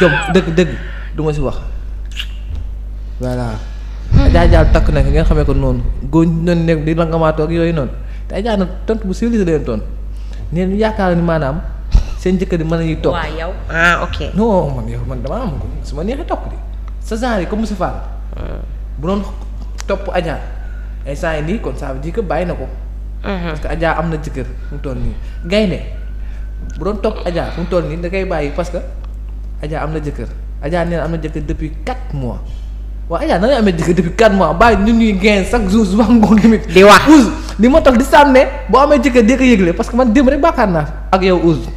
jom dëgg dëgg duma si wax voilà. Hmm. Adja Diallo takk na ngeen xamee ko noonu góor ñi doon nekk di langamaatoo ak yooyu noonu te Adja nag tontu bu civilisé leen tontu nee yaakaar ni maanaam seen jëkkër di mën nañuy toog. waaw yow ah ok. non man yow su ma neexee topp di sa genre yi comme Moussa Fall. Hmm. bu doon topp Adja instant yi nii kon ça veut dire que bàyyi na ko. Hmm. parce que am na jëkkër fu mu nii gaynde bu doon topp Adja fu mu nii da bàyyi parce Adja am na jëkkër Adja nee am na jëkkër depuis 4 mois waaw Adja nan la amee jëkkër depuis 4 mois bàyyi ñun ñuy gain chaque jour su wax ngoon tamit. di wax Ousse li ma toog di sànne boo amee jëkkër di ko yëgle parce que man démb rek bàkkaar naa ak yow Ousse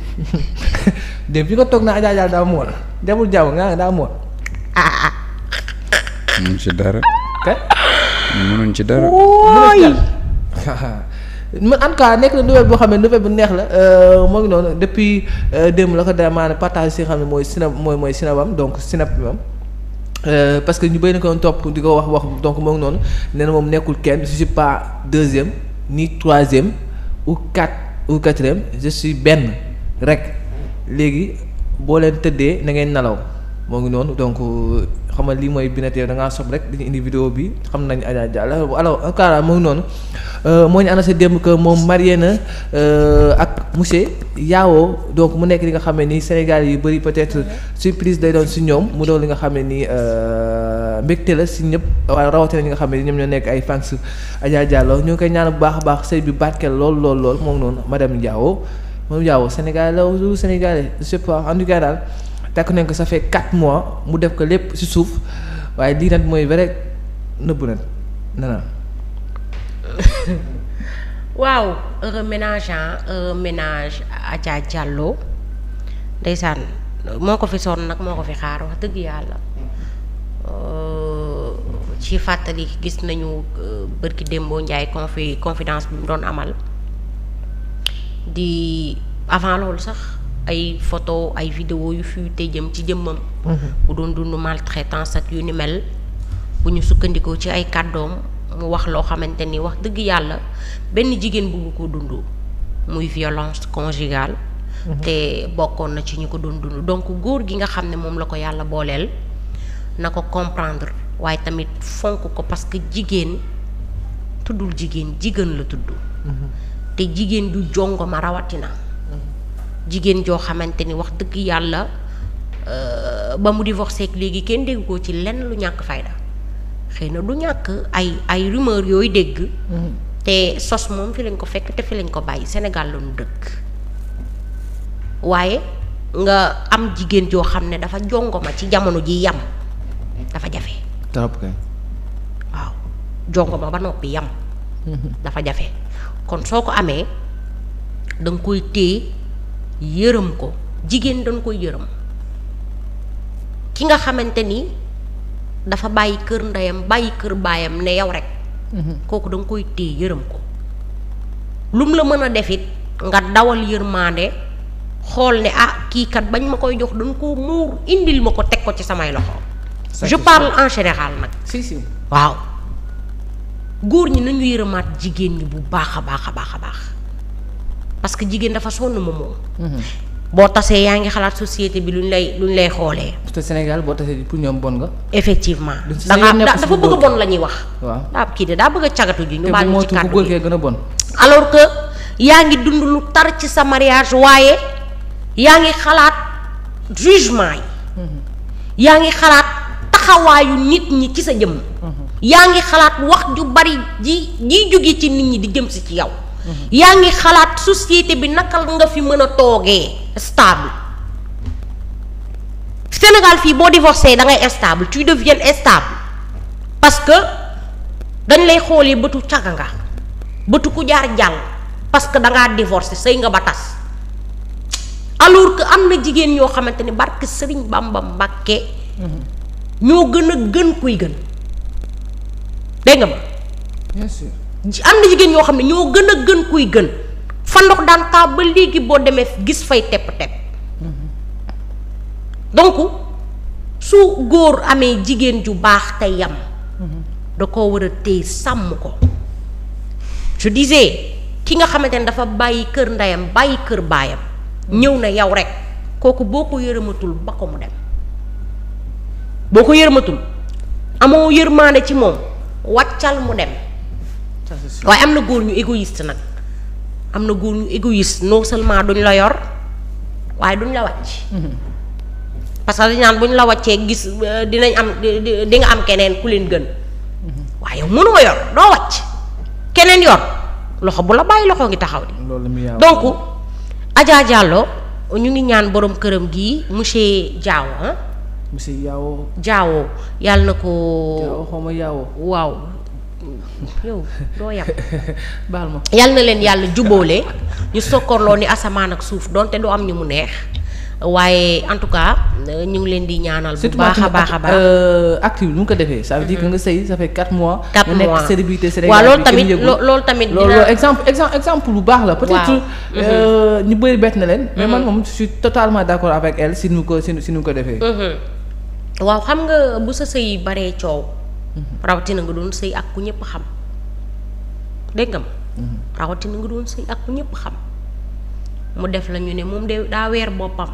démb bi nga toog naa Adja daal daa mool jabul jaww nga daa mool. Ah, ah, ah. mënuñ ci dara. kay. mënuñ ci dara. mënuñ ci dara. en tout cas nekk na nouvelle boo xam ne nouvelle bu neex la euh, moo ngi noonu depuis euh, démb la ko dara maanaam partage si nga xam ne mooy Sina mooy mooy Sinabam donc Sinab bi moom euh, parce que ñu bay na ko topp di ko wax wax donc moo ngi noonu nee na moom nekkul kenn su suis pas deuxième ni troisième ou quatre ou quatrième je benn rek léegi boo leen tëddee na ngeen nalaw. moo ngi noonu donc xam nga lii mooy Binet da ngaa sob rek dañu indi bi xam nañ Adja Diallo alors en tout moo ngi noonu euh, moo ñu annoncé moom marié na euh, ak monsieur Yao donc mu nekk li nga xam ne nii Sénégal yu bëri peut-être surprise day doon si ñoom mu doon li nga xam ne nii euh, mbégte la si ñëpp waaye rawatina ñi xam ne ñoom ñoo nekk ay fans Adja Diallo ngi koy ñaan bu baax a baax sëy bi barkeel lool lool lool moo ngi noonu madame Diao moom Diao Sénégal la ou Sénégalais en tout cas daal. fekk nañ ko ça fait quatre mois mu def ko lépp ci suuf waaye lii nag mooy vrai nëbbu nag nana waaw heureux ménage ah heureux ndeysaan moo ko fi sonn nag moo ko fi xaar wax dëgg yàlla euh, ci fàttali gis nañu euh, bërki démboo Ndiaye confi confidence bi mu doon amal di avant loolu sax ay photo ay vidéo yu fuité jëm ci jëmmam bu mhm. doon dund maltraitance ak yu ni mel bu ñu sukkandikoo ci ay kàddoom mu wax loo xamante ni wax dëgg yàlla benn jigéen bëgg ko dund muy violence conjugale mhm. te bokkoon na ci ñu ko doon dund donc góor gi nga xam ne moom la ko yàlla booleel na ko comprendre waaye tamit fonk ko parce que jigéen tuddul jigéen jigéen la tudd mhm. te jigéen du jongo ma rawatina jigéen joo xamante ni wax dëgg yàlla euh, ba mu divorcé ak léegi kenn dégg ko ci lenn lu ñàkk fayda xëy na du ñàkk ay ay rumeur yooyu dégg mm-hmm. te sos moom fi lañ ko fekk te fi lañ ko bàyyi senegal la dëkk waaye nga am jigéen joo xam ne dafa jongoma ci jamono ji yam dafa jafe trop waaw jongoma ba noppi yam mm-hmm. dafa jafe kon soo ko amee da koy téye yërëm ko jigéen dañ koy yërëm ki nga xamante ni dafa bàyyi kër ndeyam bàyyi kër baayam ne yow rekk mhm. kooku da koy téye yërëm ko lum la mën a def it nga dawal yërmaande xool ne ah kii kat bañ ma koy jox dañ ko muur indil ma ko teg ko ci samay loxo je parle en général nag si waaw góor ñi nañu yërëmaat jigéen ñi bu baax a baax a baax a baax parce que jigéen dafa sonn ma moom. Mhm. boo tasee yaa ngi xalaat société bi luñ lay luñ lay xoolee. parce que Sénégal boo tasee pour ñoom bon nga. effectivement da dafa bëgg a bon la ñuy wax. waaw daa kii de daa bëgg a cagatu ji. ñu baal ñu ci kàddu gi bon. alors que yaa ngi dund lu tar ci sa mariage waaye yaa ngi xalaat jugement yi. Mhm. yaa ngi xalaat taxawaayu nit ñi ci sa jëmm. Mhm. ngi xalaat wax ju bari ji ji jóge ci nit ñi di jëm si ci yow. yaa ngi xalaat société bi naka nga fi mën a toogee stable Sénégal fii boo divorcé da ngay instable tu deviens instable parce que dañ lay xoolee bëtu caga nga bëtu ku jaar jàng parce que da ngaa divorcé sëy nga ba tas alors que am na jigéen ñoo xamante ni barke Sëriñ Bamba Mbàkke mm-hmm. ñoo gën a gën kuy gën dégg ma am na jigéen ñoo xam ne ñoo gën a gën kuy gën fa ndox daan taa ba léegi boo demee gis fay tepp-tepp donc su góor amee jigéen ju baax te yam da koo war a téye sàmm ko je disais ki nga xamante ne dafa bàyyi kër ndeyam bàyyi kër baayam ñëw na yow rek kooku boo ko yërëmatul ba ko mu dem boo ko yërëmatul amoo yërmaande ci moom wàccal mu dem waaye am na góor ñu égoïste nag am na góor ñu égoïste non seulement duñ la yor waaye duñ la wàcc. Mhm. parce que dañ naan buñ la wàccee gis euh, dinañ am di nga am keneen ku leen gën. Mhm. waaye yow yor doo wàcc keneen yor loxo bu la bàyyi loxo ngi taxaw di. donc Adja ñu ngi ñaan borom këram gi monsieur Diaw ah. monsieur Diaw. Diaw yàlla na ko. Diaw xaw ma Diaw waaw. yow doo yam baal ma yal na leen yàlla jubóole ñu sokkorloo ni asamaan ak suuf donte du am ñu mu neex waaye en tout cas ñu ngi leen di ñaanal. bu baax a baax a baax euh, acte ko defee. ça veut nga sëy ça fait 4 mois. 4 mois nekk célébrité baax la. peut-être mhm. euh, ñu bëri bett na leen. mais mhm. man moom je suis totalement d'accord avec elle si nu ko ko defee. Mhm. waaw xam nga bu sa sëy baree coow. Mm-hmm. rawatina nga doon sëy ak ku ñëpp xam dégg nga ma mm-hmm. rawatina nga doon sëy ak ku ñëpp xam mu def la ñu ne moom de daa weer boppam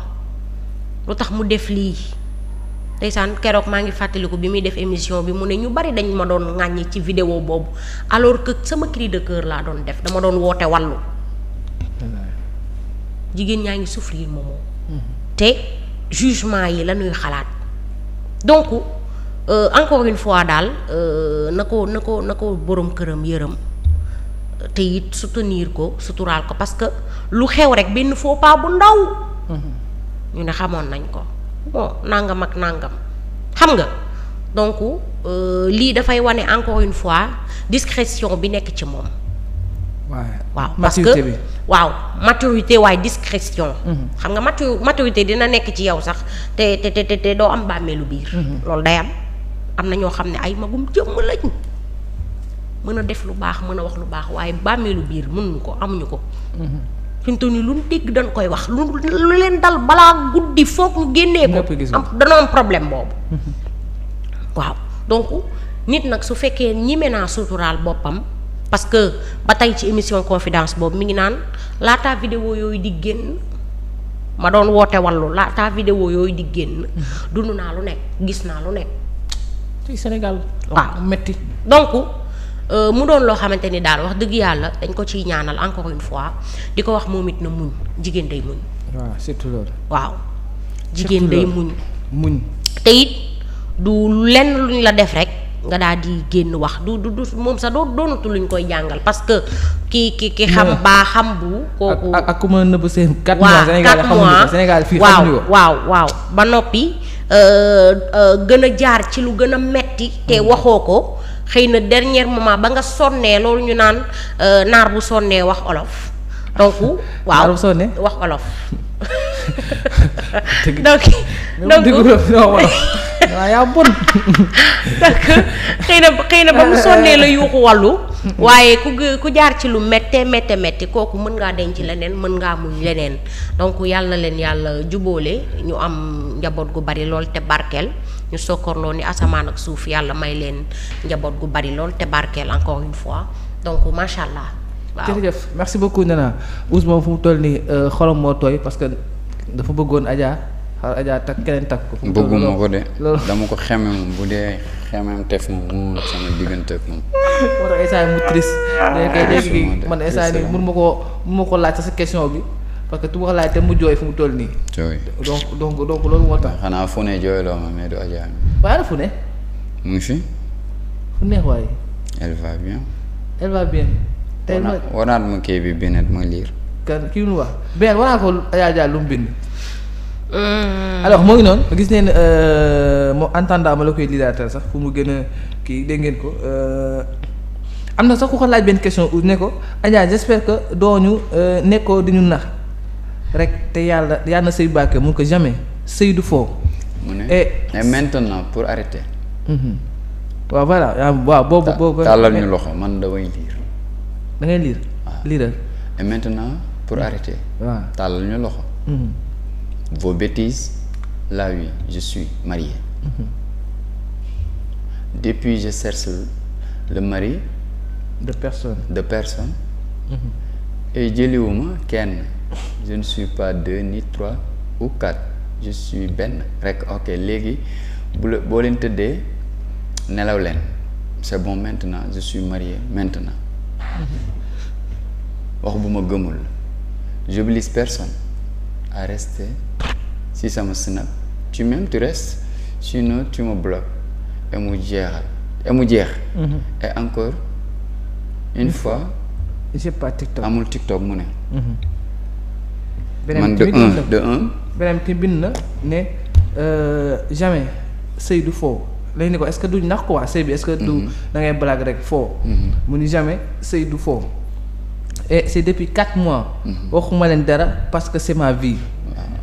lu tax mu def lii ndeysaan keroog maa ngi fàttaliku bi muy def émission bi mu ne ñu bari dañ ma doon ŋàññi ci vidéo boobu alors que sama cris de cœur laa doon def dama doon woote wàllu jigéen ñaa ngi souffrir moomoo mm-hmm. te jugement yi la ñuy xalaat Euh, encore une fois daal euh, na ko na ko na ko boroom këram yërëm te it soutenir ko suturaal ko parce que lu xew rek benn faux pas bu ndaw. Mm-hmm. ñu ne xamoon nañ ko bon nangam ak nangam xam nga donc euh, lii dafay wane encore une fois discrétion bi nekk ci moom. waaw parce que waaw maturité waaye discrétion. Mm-hmm. xam nga matu maturité dina nekk ci yow sax te te te doo am bàmmeelu biir. Mm-hmm. loolu day am. am na ñoo xam ne ay magum jëmm lañ mën a def lu baax mën a wax lu baax waaye bàmmeelu biir mënuñu ko amuñu ko. Mhm. fi mu toll nii lu ñu dégg dañ koy wax lu lu leen dal balaa guddi foog ñu génnee ko. am danoo am problème boobu. Mhm. waaw donc nit nag su fekkee ñime naa suturaal boppam. parce que ba tey ci émission confidence boobu mi ngi naan laataa vidéo yooyu di génn ma doon woote wallu laata vidéo yooyu di génn mhm. dund naa lu nekk gis naa lu nekk. ci Sénégal. waaw metti donc euh, mu doon loo xamante ni daal wax dëgg yàlla dañ ko ci ñaanal encore une fois di ko wax moom it na muñ jigéen day muñ. waaw surtout loolu. waaw jigéen day muñ. muñ te du lenn luñ la def rek. nga daal di génn wax du du du moom sax doo doonatu luñ koy jàngal parce que ki ki ki xam baa xam bu kooku ak ku ma nëbb seen quatre mois Sénégal xamuñu waaw waaw waaw ba noppi Euh, euh, gën a jaar ci lu gën a metti te mm. waxoo ko xëy na dernier moment ba nga sonnee loolu ñu naan euh, naar bu sonnee wax olof donc waaw naar bu sonnee wax olof donc donc xëy na xëy na waaye ku ku jaar ci lu méttee méttee métti kooku mën ngaa denc leneen mën ngaa muñ leneen donc yàlla leen yàlla jubóole ñu am njaboot gu bari lool te barkeel ñu sokkorloo ni asamaan ak suuf yàlla may leen njaboot gu bari lool te barkeel encore donc macha allah. waaw jërëjëf merci beaucoup Nana Ousmane fu mu toll nii euh, xolam moo tooy parce que. dafa bëggoon Adja xar Adja takk keneen takk ko. bëgguma ko de dama ko xeme bu dee xemem tef moom mu sama diggante ak moom. moo tax instant mu triste. Ah, léegi man mun ma koo ko laaj sa question bi. parce que tu ma laaj te mu jooy fu mu toll loolu moo tax. xanaa fu ne jooy ma mais du Adja. waaye fu ne. mu fi. fu ne waaye. elle bien. elle bien. tey ma wanaat ma kii bi binet ma liir. kan kii nu wax. bien wanaat ko Adja Dia lu mu bind. Euh. alors moo ngi noonu gis neen euh, moo entendant ma la koy liiraatal sax fu mu gën a kii dégg ngeen ko euh, am na sax ku ko laaj benn question u ne ko Adja j'espère que ñu nekkoo di ñu nax rek te yàlla yàlla na sëy bàkke mun ko jamais sëy du foo mu ne et pour arrêter mhm. waaw voilà ah, waaw boobu boobu tàllal ñu loxo man damay liir da ngay liiral et maintenant pour mhm. arrêter waaw tàllal ñu loxo mhm. vos bêtises là oui je suis marié mhm. depuis je cherche le mari de personne de personne mmh. et jëliwuma kenn je ne suis pas deux ni trois ou quatre je suis benn rek ok léegi bu la boo leen tëddee nelaw leen c'est bon maintenant je suis marié maintenant mhm. wax bu ma gëmul j'oblige personne à rester si sama snap tu m'aimes tu restes sinon tu me bloques et mu jeexal et jeex. Mhm. et encore une mhm. fois. j'ai pas mu ne. Mhm. man de un de un. beneen bi bind na ne euh, jamais sëy du foo lañ ne ko est du nax quoi sëy bi est du da ngay rek foo. mu ni jamais sëy du foo. et c' depuis quatre mois. Mhm. waxuma leen dara parce que c' est ma vie.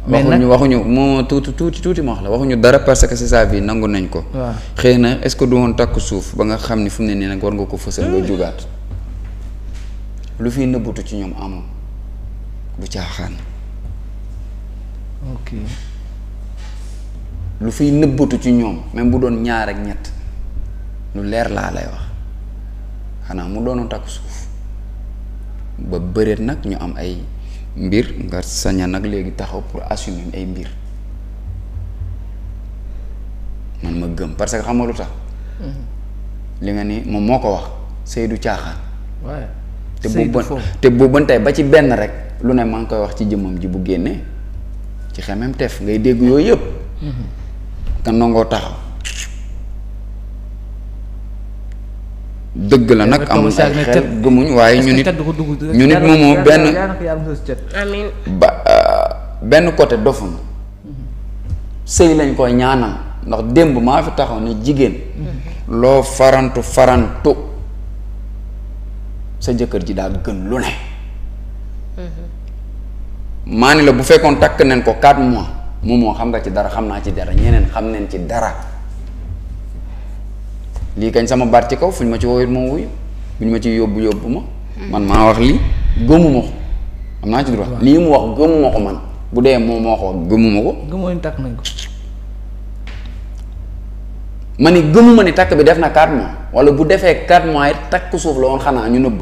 mais nag waxuñu waxuñu moom tuuti tuuti tuuti ma wax la waxuñu dara parce que c'est sa vie nangu nañ ko. waaw xëy na est-ce que du woon takk suuf ba nga xam ni fu mu ne nii nag war nga ko fësal nga hmm. jugaat lu fiy nëbbutu ci ñoom amul lu fiy nëbbutu ci ñoom même bu doon ñaar ak ñett lu leer laa lay wax xanaa mu doonoon takk suuf. ba bëreet nag ñu am ay mbir nga saña nag léegi taxaw pour assumer ay mbir man ma gëm parce que xam lu tax mm-hmm. li nga ni moom moo ko wax Seydou caaxaan te bu bën te bu tey ba ci benn rek lu ne maa ngi koy wax ci jëmmam ji bu génnee ci xemem tef ngay dégg yooyu yëpp nga mm-hmm. nangoo taxaw dëgg la nag amul ay xel gëmuñ waaye ñu nit ñu nit moomoo benn ba euh, benn côté dofam sëy lañ koy ñaanal ndax démb maa fi taxaw ni jigéen mhm. loo farantu farantu sa jëkkër ji daal gën lu ne mhm. maa la bu fekkoon takk nañ ko quatre mois moom moo xam nga ci dara xam naa ci dara ñeneen xam nañ ci dara lii kañ sama baat ci kaw fuñ ma ci woowit ma wuyu buñ ma ci yóbbu yóbbu ma man maa wax lii gëmuma ko am naa ci droit lii mu wax gëmuma ko man bu dee moo ko gëmuma ko gëmoo ni takk nañ ko ma ni takk bi def na quatre mois wala bu defee quatre mois it takk suuf la woon xanaa ñu nëbb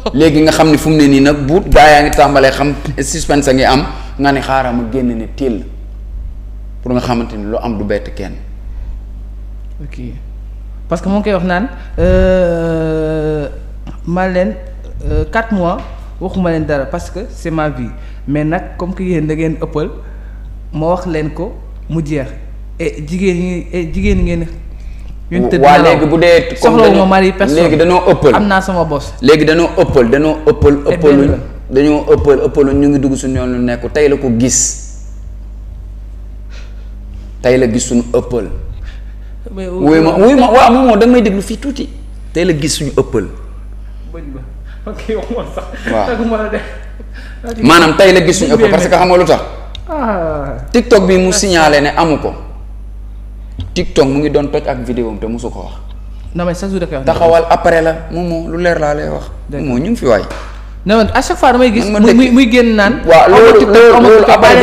léegi nga xam ni fu ne nii nag buut gaa yaa ngi tàmbalee xam suspense a ngi am nga ne xaaral ma génn ne téel pour nga xamante ni lu am du bett kenn ok parce que moo ngi koy wax naan euh, maa leen euh, quatre mois waxuma leen dara parce que c'est ma vie mais nag comme que yéen da ngeen ëppal ma wax leen ko mu jeex jigéen ñi et jigéen ngeen. ñun tëdd waa léegi bu dee. soxlawuma mari personne léegi danoo ëppal am naa sama bos. léegi danoo ëppal danoo ëppal ëppaluñ dañoo ëppal ëppaluñ ñu ngi dugg suñu yoon lu nekk tey la ko gis tey la gis suñu ëppal. mais wuy ma wuy ma moom da may déglu fii tuuti. tey la gis suñu ëppal. waaw maanaam tey la gis suñu ëppal parce que xam nga lu tax. Ah. TikTok bi mu signalé ne amu ko. TikTok mu ngi doon toj ak vidéo am te mosu ko wax. non mais sa taxawal après la moom lu leer laa lay wax. moom ñu ngi fi waay. non a chaque fois damay gis. muy muy génn naan. waaw loolu loolu loolu après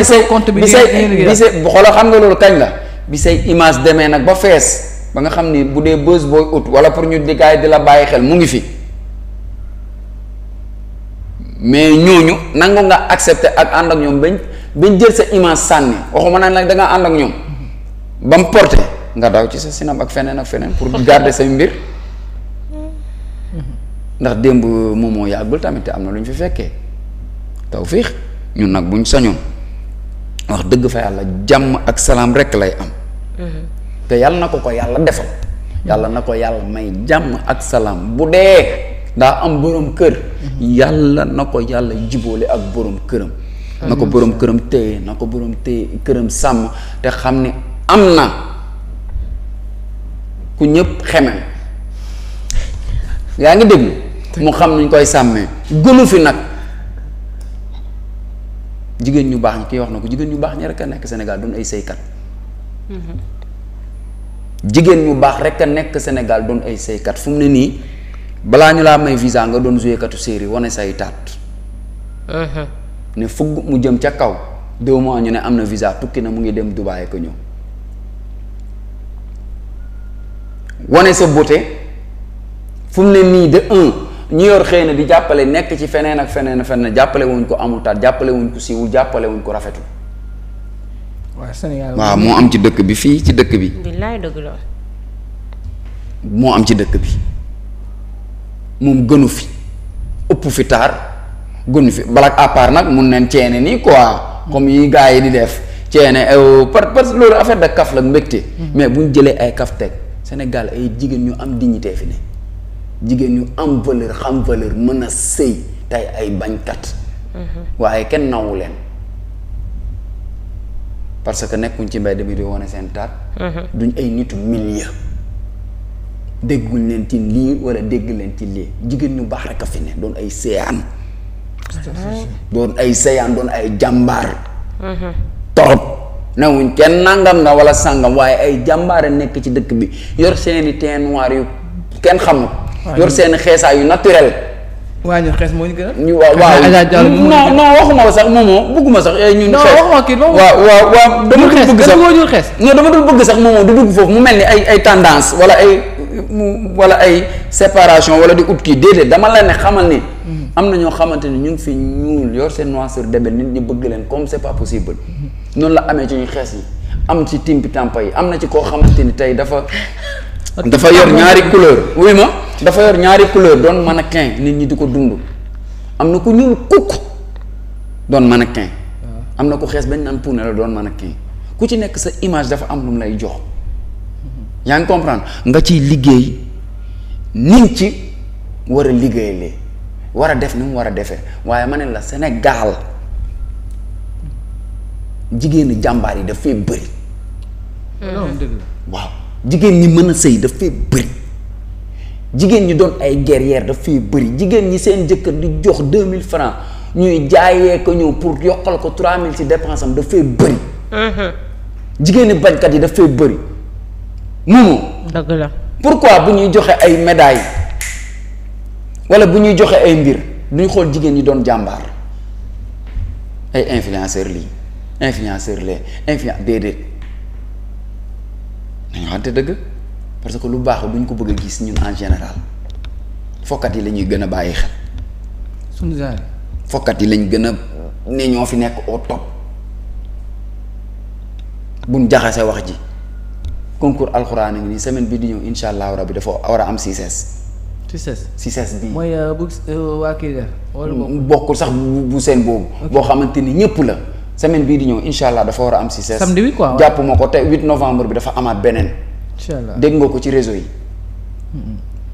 bi say bi say xoolal xam nga loolu kañ la. bi say image demee nag ba fees ba nga xam ni bu dee bës booy ut wala pour ñu di kaay di la bàyyi xel mu ngi fi mais ñooñu nangu nga accepté ak ànd ak ñoom bañ bañ jël sa image sànni waxuma naa nag da nga ànd ak ñoom ba mu porté nga daw ci sa sinam ak feneen ak feneen pour garder say mbir ndax démb moom moo yàggul tamit te am na lu ñu fi fekkee tawfiix ñun nag buñ sañoon wax dëgg fa yàlla jàmm ak salaam rek lay am mm-hmm. te yàlla na ko ko yàlla defal yàlla na ko yàlla may jàmm ak salaam bu dee daa am boroom kër mm-hmm. yàlla na ko yàlla jiboole ak boroom këram na ko boroom këram téye na ko borom téye këram sàmm te xam ni am na ku ñëpp xemem yaa ngi déglu mu xam nuñ koy sàmmee gënu fi nag jigéen ñu baax ñi kii wax na ko jigéen ñu baax ñi rek a nekk Sénégal doon ay sëykat. Mhm. jigéen ñu baax rek a nekk Sénégal doon ay sëykat fu ne nii balaa ñu laa may visa nga doon joué katu série wane say taat. Mhm. ne fugg mu jëm ca kaw deux mois ñu ne am na visa tukki na mu ngi dem Dubaay ko ñëw. wane sa beauté fu ne nii de un. ñi yor xëy na di jàppale nekk ci feneen ak feneen ak feneen jàppale wuñ ko amutaat jàppale wuñ ko siiwu jàppale wuñ ko rafetul. waa Sénégal waaw moo am ci dëkk bi fii ci dëkk bi. billaay dëgg am ci dëkk bi moom gënu fi ëpp fi taar gënu fi balak à nag mun neen ceene nii quoi comme yi gaa yi di def ceene eh, oh, par par que loolu affaire de kaf la mbégte. Mm-hmm. mais bu ñu jëlee ay kaf teg Sénégal ay jigéen ñu am dignité fi ne. jigéen ñu am valeur xam valeur mën a sëy tey ay bañkat mhm. waaye kenn nawu leen parce que nekkuñ ci mbedd bi di wane seen taat mhm. duñ ay nitu milieu dégguñ leen ci lii wala dégg leen ci lii jigéen ñu baax rek a fi ne doon ay séyaan doon ay séyaan doon ay jàmbaar mhm. torop newuñ kenn nangam nga wala sàngam waaye ay jàmbaare nekk ci dëkk bi yor seeni teint noir yu kenn xamut yor seen xeesaa yu naturel. waa ñu xees moo ñu gën a. ñu waaw waaw non non waxuma ko sax moomoo bëgguma sax. Eh, ñun xees non waxuma kii waaw waaw xees non dama dul bëgg sax moomoo du dugg foofu mu mel ni ay ay tendance wala ay mu wala ay séparation wala di ut kii dama la ne xamal ni. Mm-hmm. am na ñoo xamante ni ñu ngi fi ñuul yor seen noirceur d'ébène nit ñi bëgg leen comme c'est pas mm-hmm. noonu la amee ci ñu xees yi am ci timpi tampa yi am na ci koo xamante ni tey dafa. dafa yor ñaari couleur oui ma dafa yor ñaari couleur doon mannequin nit ñi di ko dund am na ku ñuul kukk doon a mannequin ah. am na ku xees bañ naan pour la doon a mannequin ku ci nekk sa image dafa am lu lay jox mhm. yaa ngi comprendre nga ci liggéey nit ci war a liggéey war a def ni war a defee waaye ma ne la Sénégal jigéenu jàmbar yi dafay bëri mm. waaw jigéen ñi mën a sëy daf fee jigéen ñi doon ay guerrière daf fee bëri jigéen ñi seen jëkkër di jox deux mille francs ñuy jaayee ko ñëw pour yokkal ko trois mille ci dépense am daf fee mhm. jigéen ñi bañkat yi daf fee bëri. moomu. dëgg la bu ñuy joxe ay médailles wala bu ñuy joxe ay mbir duñ xool jigéen ñi doon jàmbaar ay influenceur lii influenceur lee influence déedéet. dañu xamante dëgg parce que lu baax duñ ko bëgg a gis ñun en général fokkat yi lañuy ñuy gën a bàyyi xel. suñu fokkat yi lañ gën a ne ñoo fi nekk au top buñ jaxasee wax ji concours alxuraan ngi nii semaine bii di ñëw incha allahu rabi dafa war a am CICES. CICES CICES bii mooy euh, bu euh, waa kii la. sax bu seen boobu. boo xamante ni ñëpp la. semaine bii di ñëw incha allah dafa war a am si ses samedi bi quoi jàpp ma ko te 8 novembre bi dafa amaat beneen. incha allah dégg nga ko ci réseau yi.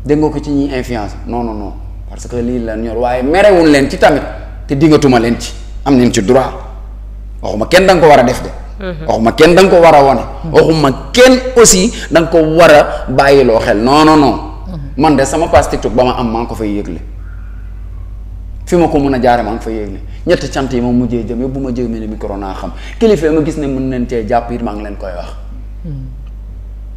dégg nga ko ci ñi influence non non parce que lii la ñor waaye merewul leen ci tamit te diggatuma leen ci am nañ ci droit waxuma kenn da nga ko war a def de. Mm-hmm. waxuma kenn danga ko war a wane. Mm-hmm. waxuma kenn aussi da nga ko war a loo xel non non mm-hmm. man de sama page TikTok ba ma am maa nga ko fay yëgle. fi ma ko mën a jaare maa ngi fa yéeg ne ñetti cant yi ma mujjee jëm yëpp bu ma jëmee ne micro naa xam kilifa ma gis ne mën nañ cee jàpp it maa ngi leen koy wax hmm.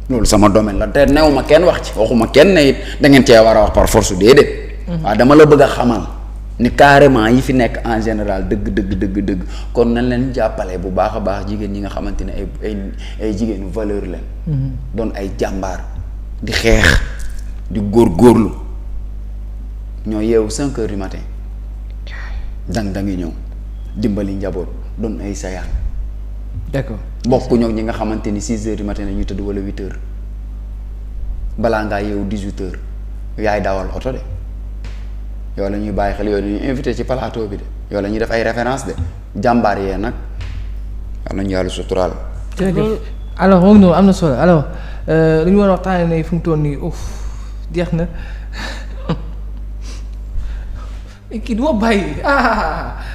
loolu sama domaine la te new ma kenn wax ci waxuma kenn ne it da ngeen cee war a wax par force déedéet hmm. waaw dama la bëgg a xamal ni carrément yi fi nekk en général dëgg dëgg dëgg dëgg kon nañ leen jàppale bu baax a baax jigéen ñi nga xamante ne ay ay ay jigéenu valeur leen hmm. doon ay jàmbaar di xeex di góorgóorlu ñoo yeewu cinq heures du matin dang dangi ñëw dimbali njaboot doon ay sayaan d'accord bokk ñëw ñi nga xamante ni six heures du matin la ñuy tëdd wala huit heures balaa ngaa yeewu dix huit heures yaay daawal oto de yow la ñuy bàyyi xel yow la invité ci plateau bi de yow la ñuy def ay référence de jàmbaar yee nag yal nañu yàlla suturaal. jërëjëf moom noonu am na solo alors euh, lu ñu war a waxtaanee fu mu toll nii uff jeex na. kii du ma bàyyi ah